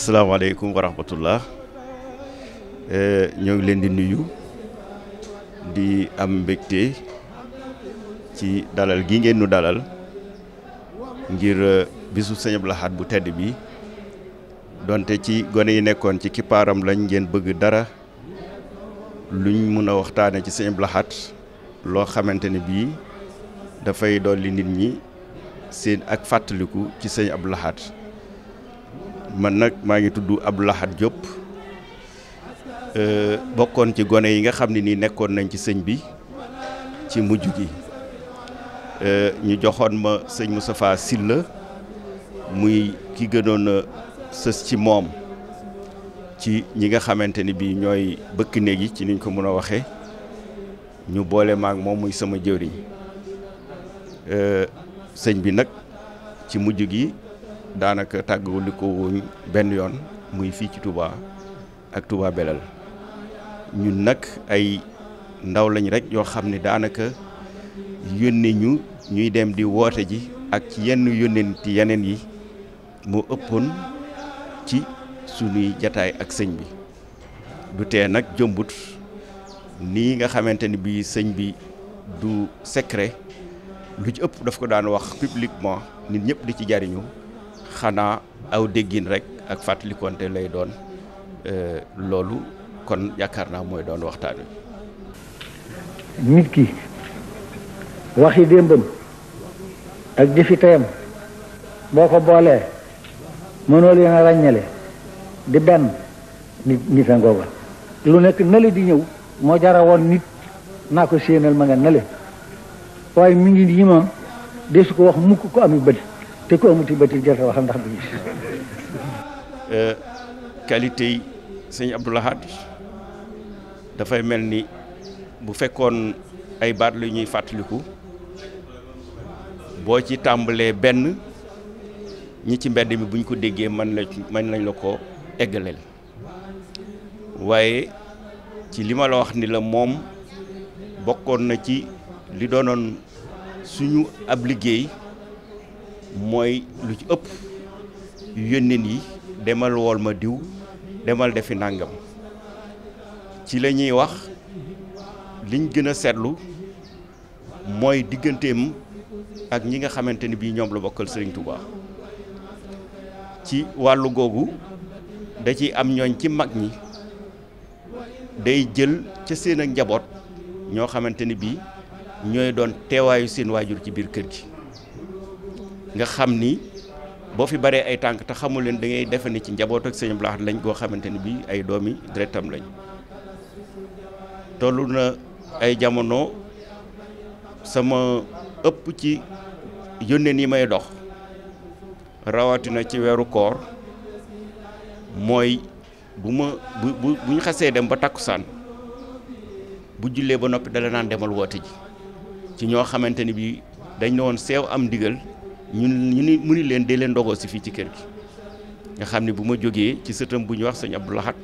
salaamaaleykum wa rahmatullah eh, ñoo ngi leen di nuyu di am mbégte ci dalal gi ngeen nu dalal ngir eh, bisu Sëñ Abdou bu tedd bi donte ci gone yi nekkoon ci kippaaram lañ ngeen bëgg dara luñ mun a waxtaane ci Sëñ Abdou loo xamante ni bii dafay dolli nit ñi seen ak fàttaliku ci Sëñ Abdou man nag maa ngi tudd Abdou Lahad Diop euh, bokkoon ci gone yi nga xam ne nii nekkoon nañ ci sëñ bi ci mujj gi euh, ñu joxoon ma sëñ Moustapha Sylla muy ki gënoon a sës ci moom ci ñi nga xamante ni bii ñooy bëkk néegi yi ci niñ ko mën a waxee ñu boole maak moom muy sama jëwriñ euh, sëñ bi nag ci mujj gi. daanaka tàggu li benn yoon muy fii ci Touba ak Touba Belel ñun nag ay ndaw lañu rek yoo xam ne daanaka yónnee ñu ñuy dem di woote ji ak ci yenn yónneenti yeneen yi moo ëppoon ci sunuy jataay ak sëñ bi du tee nag jëmbut nii nga xamante ni bii sëñ bi du secret lu ci ëpp daf ko daan wax publiquement nit ñëpp di ci jariñu xanaa aw déggin rek ak fàttalikonte lay doon euh, loolu kon yaakaar naa mooy doon waxtaan wi. nit ki waxi démbam ak jëfi tayam boo ko boolee mënoo leen a ràññale di benn nit nit a ngooga lu nekk nale di ñëw moo jara woon nit naa ko séenal ma nga nale waaye mi ngi yi moom desu ko wax mukk ko ami bët te ku amuti bëti jërta wax ndax du gis euh, qualité yi sëñ Abdou dafay mel ni bu fekkoon ay baat lu ñuy fàttaliku boo ci tàmbalee benn ñi ci mbedd mi buñ ko déggee mën la nañ la ko eggaleel waaye ci li ma la wax ni la moom bokkoon na ci li doonoon suñu ab liggéey mooy lu ci ëpp yónneen yi demal wool ma diw demal defi nàngam ci lañuy wax liñ gën a seetlu mooy digganteem ak ñi nga xamante ni bii ñoom la bokkal Serigne Touba ci wàllu googu da ciy am ñooñ ci mag ñi day jël ca seen ak njaboot ñoo xamante ni bii ñooy doon teewaayu seen waajur ci biir kër gi nga xam ni boo fi baree ay tànk te xamul leen dangay ngay defe ni ci njaboot ak sëñ Abdoul Ahad lañ koo xamante ni bii ay doomi deretam lañu tollu na ay jamono sama ëpp ci yónneen nii may dox rawatina ci weeru koor mooy bu ma bu bu bu ñu xasee dem ba takkusaan bu jullee ba noppi dala naan demal woote ji ci ñoo xamante ni bii dañ ne woon seew am ndigal ñun ñu ni mu ni leen dee leen ndogoo si fii ci kër gi nga xam ne bu ma jógee ci sëtam bu ñu wax sëñ Abdou Lahad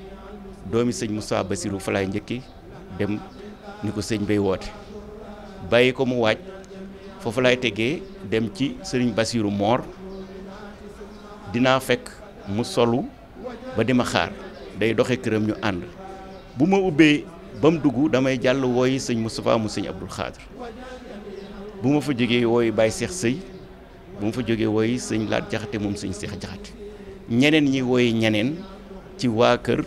doomi sëñ Moussa Basirou fa laay njëkki dem ni ko sëñ bay woote bàyyi ko mu waaj foofu laay tegee dem ci sëriñ Basirou moor dinaa fekk mu solu ba dima xaar day doxe këram ñu ànd bu ma ubbee ba mu dugg damay jàll wooyi sëñ Moustapha mu sëñ Abdou Khadre bu ma fa jógee wooyi Baye Cheikh Sëy bu mu fa jógee woy sëñ laat jaxate moom sëñ seex jaxate ñeneen ñi woy ñeneen ci waa kër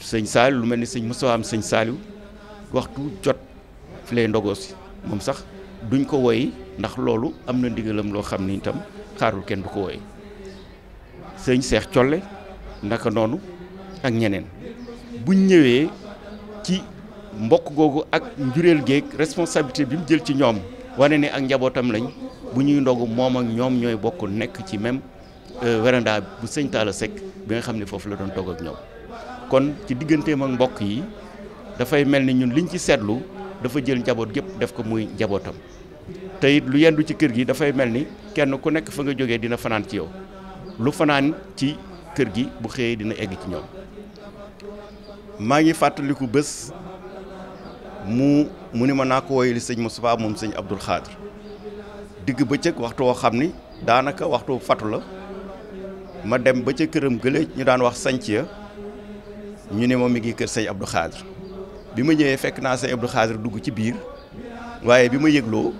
sëñ saaliw lu mel ni sëñ Moussa am sëñ saaliw waxtu jot fi lay ndogoo si moom sax duñ ko woy ndax loolu am na ndigalam loo xam ni itam xaarul kenn du ko woy sëñ seex colle naka noonu ak ñeneen buñ ñëwee ci mbokk googu ak njureel géeg responsabilité bi mu jël ci ñoom wane ne ak njabootam lañ bu ñuy ndogu moom ak ñoom ñooy bokk nekk ci même euh, véranda bu sëñ Talla Seck bi nga xam ne foofu la doon togg ak ñoom kon ci digganteem ak mbokk yi dafay mel ni ñun liñ ci seetlu dafa jël njaboot gépp def ko muy njabootam te it lu yendu ci kër gi dafay mel ni kenn ku nekk fa nga jógee dina fanaan ci yow lu fanaan ci kër gi bu xëyee dina egg ci ñoom maa ngi fàttaliku bés mu mu ni ma naa ko woyali sëñ Moustapha moom sëñ Abdoul Khadr digg bëccëg waxtu woo xam ni daanaka waxtu fatu la ma dem ba ca këram gële ñu daan wax sanc ya ñu ne moom mi ngi kër sañ Abdou Khadir bi ma ñëwee fekk naa sëñ Abdou Khadir dugg ci biir waaye bi ma yëgloo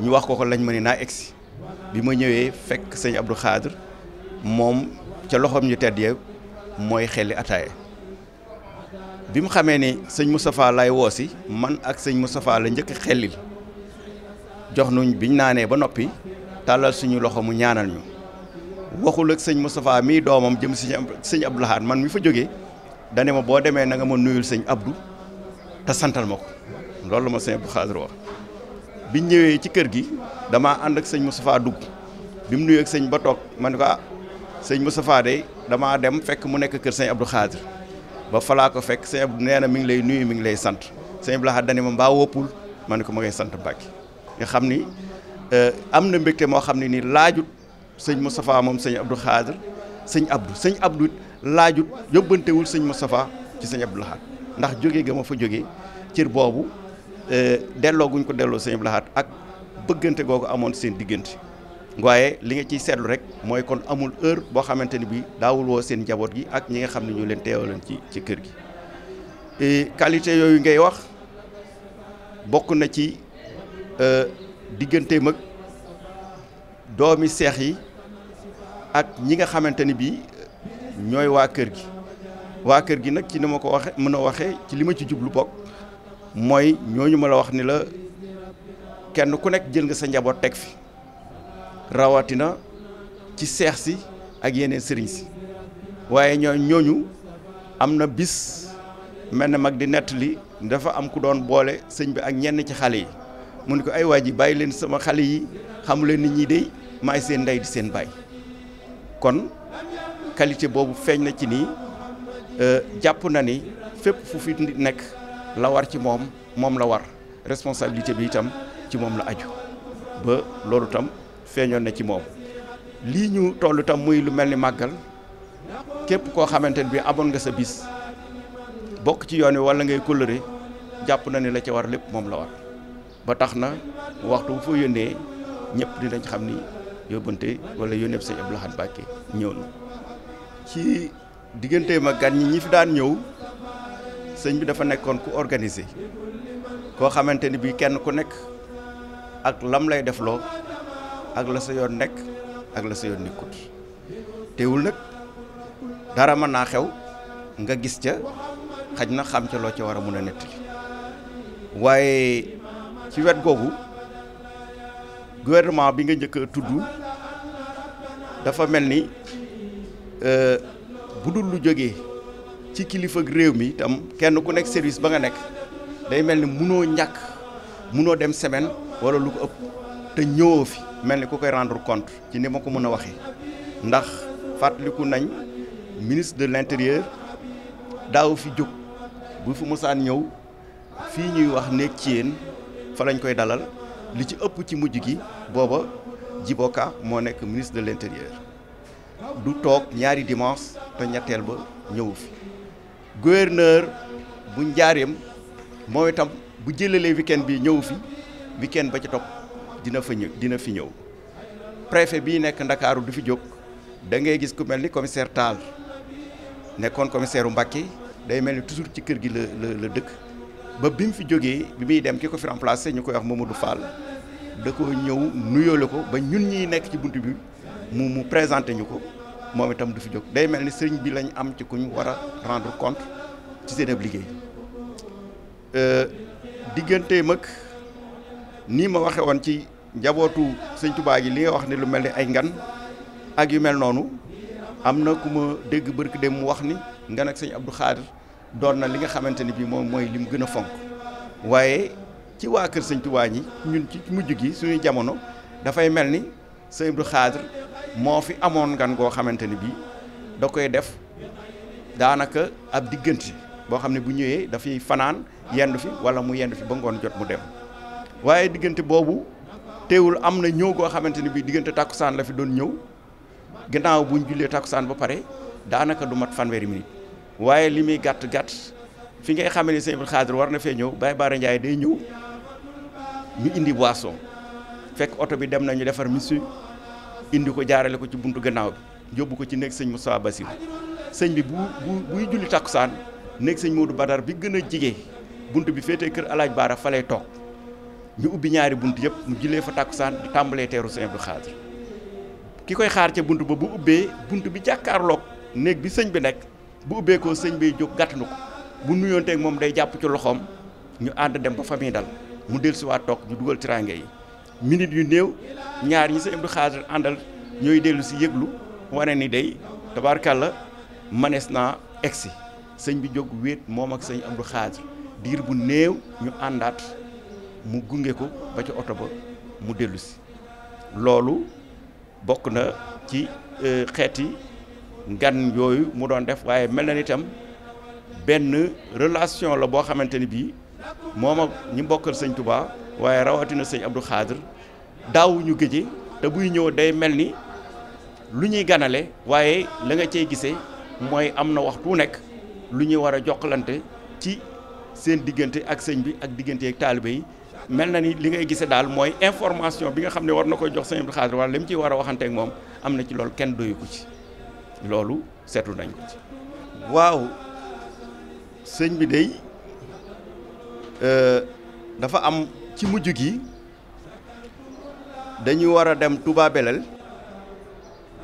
ñu wax ko ko lañ ma ne naa egsi bi ma ñëwee fekk sëñ Abdou Khadir moom ca loxoom ñu tedd ya mooy xelli ataaye bi mu xamee ne sëñ Moustapha lay woosi man ak sëñ Moustapha la njëkk xellil jox nuñ biñ naanee ba noppi tàllal suñu loxo mu ñaanal ñu waxul ak sëñ Moustapha mii doomam jëm si sëñ Abdou Lahad man mi fa jógee dane ma boo demee nanga ma nuyul sëñ Abdou te santal ma ko loolu la ma sëñ Abdou Khadre wax biñ ñëwee ci kër gi damaa ànd ak sëñ Moustapha dugg bi mu nuyu ak sëñ ba toog man ne ko ah sëñ Moustapha de damaa dem fekk mu nekk kër sëñ Abdou Khadre ba falaa ko fekk sëñ Abdou nee na mi ngi lay nuyu mi ngi lay sant sëñ Abdou Lahad dane ma mbaa ma ne ko ma ngay sant Mbàkke nga xam ni euh, am na mbégte moo xam ne nii laajut sëñ Moustapha moom sëñ Abdou Khadr sëñ Abdou sëñ Abdou laajut yóbbantewul sëñ Moustapha ci sëñ Abdou Lahad ndax jóge ga ma fa jóge cër boobu euh, delloo guñ ko delloo sëñ Abdou Lahad ak bëggante googu amoon seen diggante waaye li nga ciy seetlu rek mooy kon amul heure boo xamante ni bi daawul woo seen njaboot gi ak ñi nga xam ne ñu leen teewaleen ci ci kër gi qualité yooyu ngay wax bokk na ci Euh, diggante mag doomi seex yi ak ñi nga xamante ni bii ñooy waa kër gi waa kër gi nag ci ni ma ko waxe mën a waxe ci li ma ci jublu bokk mooy ñooñu ma la wax ni la kenn ku nekk jël nga sa njaboot teg fi rawatina ci seex si ak yeneen sëriñ si waaye ñoo ñooñu am na bis mel na mag di nettali dafa am ku doon boole sëñ bi ak ñenn ci xale yi mu ne ko ay waa yi bàyyi leen sama xale yi xamu leen ni ñii dey maay seen ndey di seen baay kon qualité boobu feeñ na ci nii euh, jàpp na ni fépp fu fi nekk la war ci moom moom la war responsabilité bi itam ci moom la aju ba loolu tam feeñoon na ci moom lii ñu toll tam muy lu mel ni màggal képp koo xamante ne bi amoon nga sa bis bokk ci yoon wi walla ngay kóllëre jàpp na ni la ca war lépp moom la war ba tax na waxtu bu fa yónnee ñëpp dinañ xam ni yóbbante wala yónneeb sëñ Abdou Lahad Mbacké ñëw na ci diggante ma gan ñi ñi fi daan ñëw sëñ bi dafa nekkoon ku organisé koo xamante ni bii kenn ku nekk ak lam lay def defloo ak la sa yoon nekk ak la sa yoon nekkut teewul nag dara mën naa xew nga gis ca xaj na xam ca loo ca war a mun a nettali waaye ci wet googu gouvernement bi nga njëkk a tudd dafa mel ni euh, bu dul lu jógee ci kilifa réew mi itam kenn ku nekk service ba nga nekk day mel ni mënoo ñàkk mënoo dem semaine wala lu ko ëpp te ñëwoo fi mel ni ku koy rendre compte ci ni ma ko mën a waxee ndax fàttaliku nañ ministre de l'intérieur daaw fi jóg bu fi mosaan ñëw fii ñuy wax nekk ci yéen fa lañ koy dalal li ci ëpp ci mujj gi booba jiboka moo nekk ministre de l'intérieur du toog ñaari dimanche te ñetteel ba ñëwu fi gouverneur bu njaareem moo itam bu jëlalee week-end bi ñëw fi week-end ba ci topp dina fa ñëw dina fi ñëw préfet bii nekk ndakaaru du fi jóg da ngay gis ku mel ni commissaire Tall nekkoon commissaire u Mbàkke day mel ni toujours ci kër gi la la dëkk ba bi mu fi jógee bi muy dem ki ko fi remplacé ñu koy wax du Fall da ko ñëw nuyoole ko ba ñun ñiy nekk ci bunt bi mu mu présenté ñu ko moom itam du fi jóg day mel ni sëñ bi lañ am ci ku ñu war a rendre compte ci seen ab liggéey euh, diggante mag nii ma waxe woon ci njabootu sëñ Tuubaa gi li nga wax ne lu mel ni ay ngan ak yu mel noonu am na ku ma dégg barki dem mu wax ni ngan ak sëñ Abdou Khadir doon na li nga xamante ni bii moom mooy li mu gën a fonk waaye ci waa kër sëñ Tuubaa ñi ñun ci mujj gi suñu jamono dafay mel ni sëñ Abdou Khadre moo fi amoon ngan goo xamante ni bii da koy def daanaka ab diggante boo xam ne bu ñëwee dafay fanaan yendu fi wala mu yendu fi ba ngoon jot mu dem waaye diggante boobu teewul am na ñëw goo xamante ni bii diggante takkusaan la fi doon ñëw gannaaw bu ñu jullee takkusaan ba pare daanaka du mat fanweeri minute waaye li muy gàtt gàtt fi ngay xamee ni sëñ bu Khadre war na fee ñëw bay Bara Ndiaye day ñëw ñu indi boisson fekk oto bi dem nañu defar monsieur indi ko jaarale ko ci bunt gannaaw bi yóbbu ko ci néeg sëñ mu saa Bassirou sëñ bi bu bu buy julli takkusaan néeg sëñ Modou Badar bi gën a jige bunt bi féetee kër alaaj Baara fa lay toog ñu ubbi ñaari bunt yëpp mu jullee fa takkusaan tàmbalee teeru sëñ Abdou Khadre ki koy xaar ca bunt ba bu ubbee bunt bi jàkkaarloog néeg bi sëñ bi nekk. bu ubbeekoo sëñ bay jóg gàttanu ko bu nuyonteeg moom day jàpp ci loxoom ñu ànd dem ba famille dal mu dellusiwaat toog ñu dugal tiraange yi minute yu néew ñaar ñi sa Abdou Khadre àndal ñooy dellu si yëglu wane ni day tabaarkàlla manees naa egsi sëñ bi jóg wéet moom ak sëñ Abdou Khadre diir bu néew ñu àndaat mu gunge ko ba ci oto ba mu dellu si loolu bokk na ci euh, xeeti ngan yooyu mu doon def waaye mel na ni itam benn relation la boo xamante ni bii moom ak ñi mbokkal sëñ Touba waaye rawatina sëñ Abdou Khadre daawuñu ñu te buy ñëw day mel ni lu ñuy ganale waaye la nga cey gisee mooy am na waxtu nekk lu ñuy war a jokkalante ci seen diggante ak sëñ bi ak diggante ak taalibe yi mel na ni li ngay gisee daal mooy information bi nga xam ne war na koy jox sëñ Abdou Khadre wala li mu ci war a waxanteek moom am na ci loolu kenn doyu ci loolu seetu nañ ko ci waaw sëñ bi dey euh, dafa am ci mujj gi dañuy war a dem Touba Belel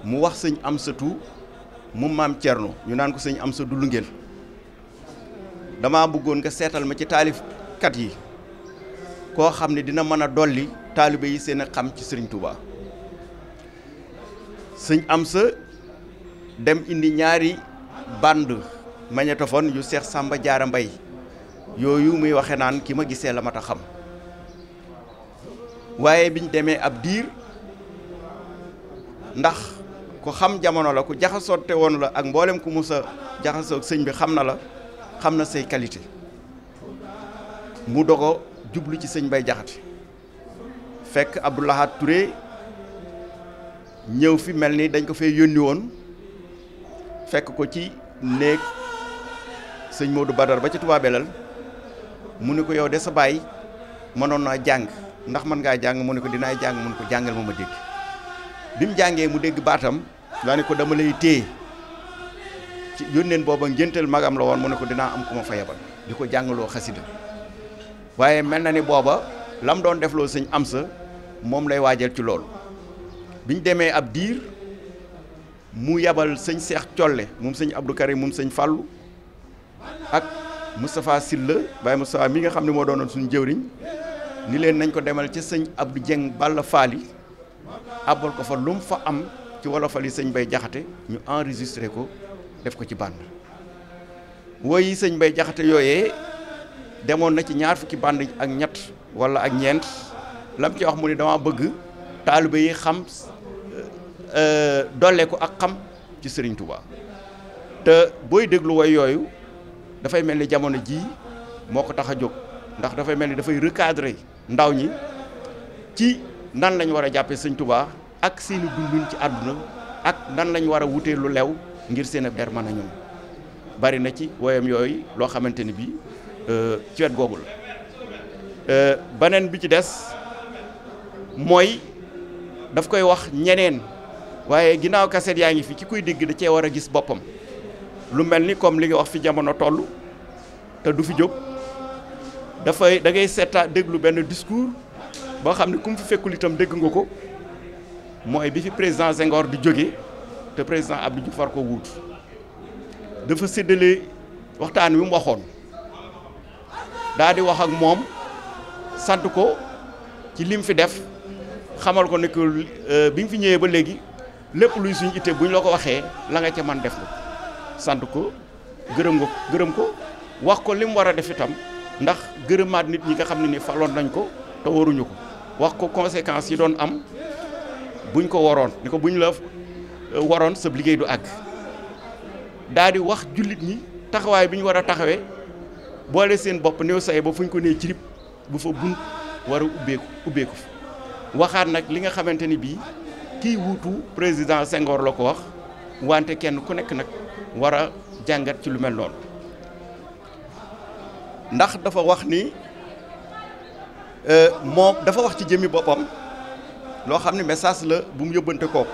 mu wax sëñ am Amsatu mu maam Cerno ñu naan ko sëñ am Amsa du Lungeel dama bëggoon nga seetal ma ci taalifkat yi koo xam ne dina mën a dolli taaliba yi seen xam ci sëriñ Touba sëñ Amsa dem indi ñaari bande magnétophone yu Seex Sàmba Jaara Mbay yooyu muy waxe naan ki ma gisee la mat a xam waaye biñ demee ab diir ndax ku xam jamono la ku jaxasoote woon la ak mboolem ku jaxasoo ak sëñ bi xam na la xam na say qualité mu dogo jublu ci sëñ bay jaxate fekk Abdoulahat Touré ñëw fi mel ni dañ ko fee yónni woon fekk ko ci néeg sëñ Modou Badar ba ca Touba Belal mu ne ko yow de sa baay mënoon naa jàng ndax mën ngaa jàng mu ne ko dinaay jàng mu ne ko jàngal ma ma dégg bi mu jàngee mu dégg baatam daa ne ko dama lay téye ci yónneen booba ngéntal magam la woon mu ne ko dinaa am ku ma fa yebal di ko jàngaloo xasida waaye mel na ni booba lam doon defloo sëñ am sa moom lay waajal ci loolu biñ demee ab diir mu yabal sëñ Seex Colle moom sëñ Abdou Karim moom sëñ Fàllu ak Moustapha la Baye Moustapha mi nga xam ne moo doonoon suñu jëwriñ ni leen nañ ko demal ca sëñ Abdou Dieng Balla Faali abal ko fa lu mu fa am ci wolofal yi sëñ Bay Jaxate ñu enregistré ko def ko ci bànd woy yi sëñ Bay Jaxate yooyee demoon na ci ñaar fukki bànd ak ñett wala ak ñeent lam ci wax mu ne dama bëgg taalibe yi xam Euh, dollee ko ak xam ci Serigne Touba te booy déglu woy yooyu dafay mel ni jamono jii moo ko tax a jóg ndax dafay mel ni dafay recadrer ndaw ñi ci nan lañ war a jàppee Serigne Touba ak seeni dundin ci àdduna ak nan lañu war a wutee lu lew ngir seen der mën na ñëw bari na ci woyam yooyu loo xamante ni bii euh, ci wet googu la euh, beneen bi ci des mooy daf koy wax ñeneen waaye ginnaaw kaset yaa ngi fi ci kuy digg da cee war a gis boppam lu mel ni comme li nga wax fi jamono toll te du fi jóg dafay da ngay seetaa déglu benn discours boo xam ne ku mu fi fekkul itam dégg nga ko mooy bi fi président Senghor di jóge te président Abdou Diouf war ko wuut dafa séddale waxtaan wi mu waxoon daa di wax ak moom sant ko ci lim fi def xamal ko ne que euh, bi mu fi ñëwee ba léegi. lépp luy suñu ittee bu ñu la ko waxee la nga ca man def ko sant ko gërëm ko gërëm ko wax ko li mu war a def itam ndax gërëmaat nit ñi nga xam ne ni faloon nañ ko te waruñu ko wax ko conséquences yi doon am buñ ko waroon ni ko buñ la euh, waroon sa liggéey du àgg daal di wax jullit ñi taxawaay bi ñu war a taxawee boole seen bopp néew say ba fu ñu ko nee cirib bu fa bunt war a ubbeeku ubbeeku fi waxaat nag li nga xamante ni bii. kii wuutu président Senghor la ko wax wante kenn ku nekk nag war a jàngat ci lu mel noonu ndax dafa wax ni euh, moom dafa wax ci jëmmi boppam loo xam ne message la bu mu yóbbante kooku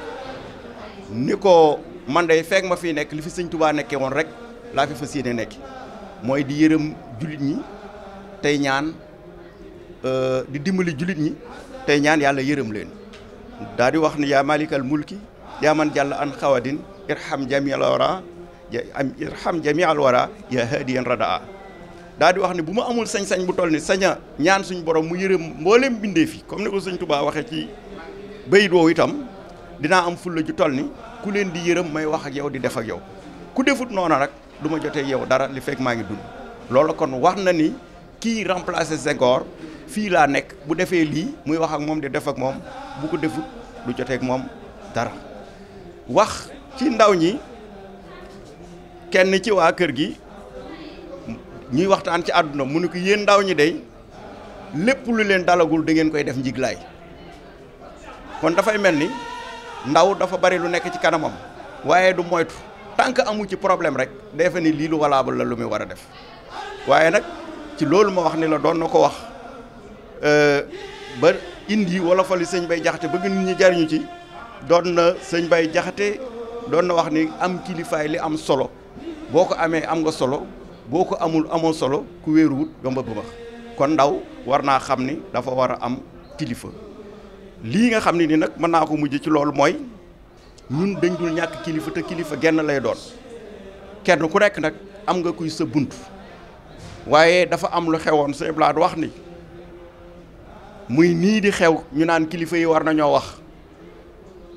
ni ko man day feek ma fii nekk li fi sëñ Tuubaa nekkee woon rek laa fi fas yéene nekk mooy di yërëm jullit ñi tey ñaan euh, di dimbali jullit ñi tey ñaan yàlla yërëm leen daal di wax ni yaa malikal mulki yaa man jàll an xawadin irham jamial wara am irham jamial wara yaa haadiyan radaa daal di wax ne bu ma amul sañ-sañ bu toll ni saña ñaan suñ borom mu yërëm mboolem bindee fi comme ni ko sëñ Tuubaa waxe ci bayit woowu itam dinaa am fulla ju toll ni ku leen di yërëm may wax ak yow di def ak yow ku defut noona nag du ma jotee yow dara li fekk maa ngi dund loolu kon wax na ni kii remplacer Senghor fii laa nekk bu defee lii muy wax ak moom di def ak moom bu ko defut du joteeg moom dara wax ci ndaw ñi kenn ci waa kër gi ñuy waxtaan ci àdduna mu ne ko yéen ndaw ñi day lépp lu leen dalagul da ngeen koy def njiglaay kon dafay mel ni ndaw dafa bari lu nekk ci kanamam waaye du moytu tant que amu ci problème rek defe ni lii lu valable la lu muy war a def waaye nag ci loolu ma wax ni la doon na ko wax ba indi wolofal yi sëñ Bay Jaxate bëgg nit ñi jariñu ci doon na sëñ Bay Jaxate doon na wax ni am kilifaay li am solo boo ko amee am nga solo boo ko amul amoo solo ku wéeruwut yomba bëbax kon ndaw war naa xam ni dafa war a am kilifa lii nga xam ne ni nag mën naa ko mujj ci loolu mooy ñun dañ dul ñàkk kilifa te kilifa genn lay doon kenn ku nekk nag am nga kuy sa bunt waaye dafa am lu xewoon sëñ Blad wax ni muy nii di xew ñu naan kilifa yi war nañoo wax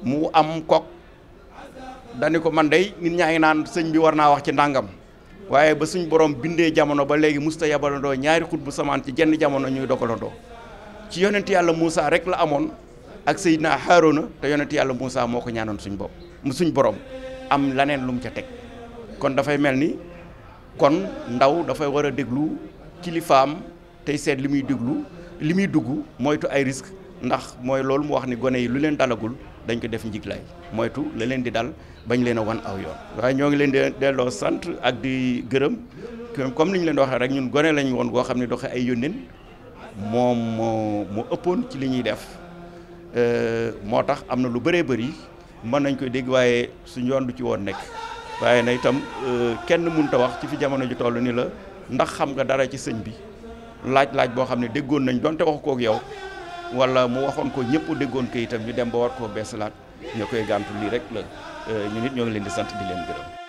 mu am kok dani ko man day nit ñaa ngi naan sëñ bi war naa wax ci ndàngam waaye ba suñ borom bindee jamono ba léegi musta yabalandoo ñaari xut bu samaan ci jenn jamono ñuy dogalandoo ci yonent yàlla Moussa rek la amoon ak sëy Seydina Haaruna te yonent yàlla Moussa moo ko ñaanoon suñ bopp suñ borom am laneen lu mu ca teg kon dafay mel ni kon ndaw dafay war a déglu kilifaam tey seet li muy déglu li muy dugg moytu ay risques ndax mooy loolu mu wax ni gone yi lu leen dalagul dañ ko def njiglaay moytu la leen di dal bañ leen a wan aw yoon. waaye ñoo ngi leen di delloo sant ak di gërëm comme ni ñu leen waxee rek ñun gone lañ woon goo xam ne doxe ay yónneen moom moo moo ëppoon ci li ñuy def euh, moo tax am na lu bëree bëri mën nañ koy dégg waaye suñu yoon du ci woon nekk waaye na itam euh, kenn mënut a wax ci fi jamono ji toll ni la ndax xam nga dara ci sëñ bi. laaj laaj boo xam ne déggoon nañ donte wax kook yow wala mu waxoon ko ñëpp déggoon ko itam ñu dem ba war koo beesalaat ñoo koy gàntu lii rek la euh, ñu nit ñoo leen di sant di leen gërëm.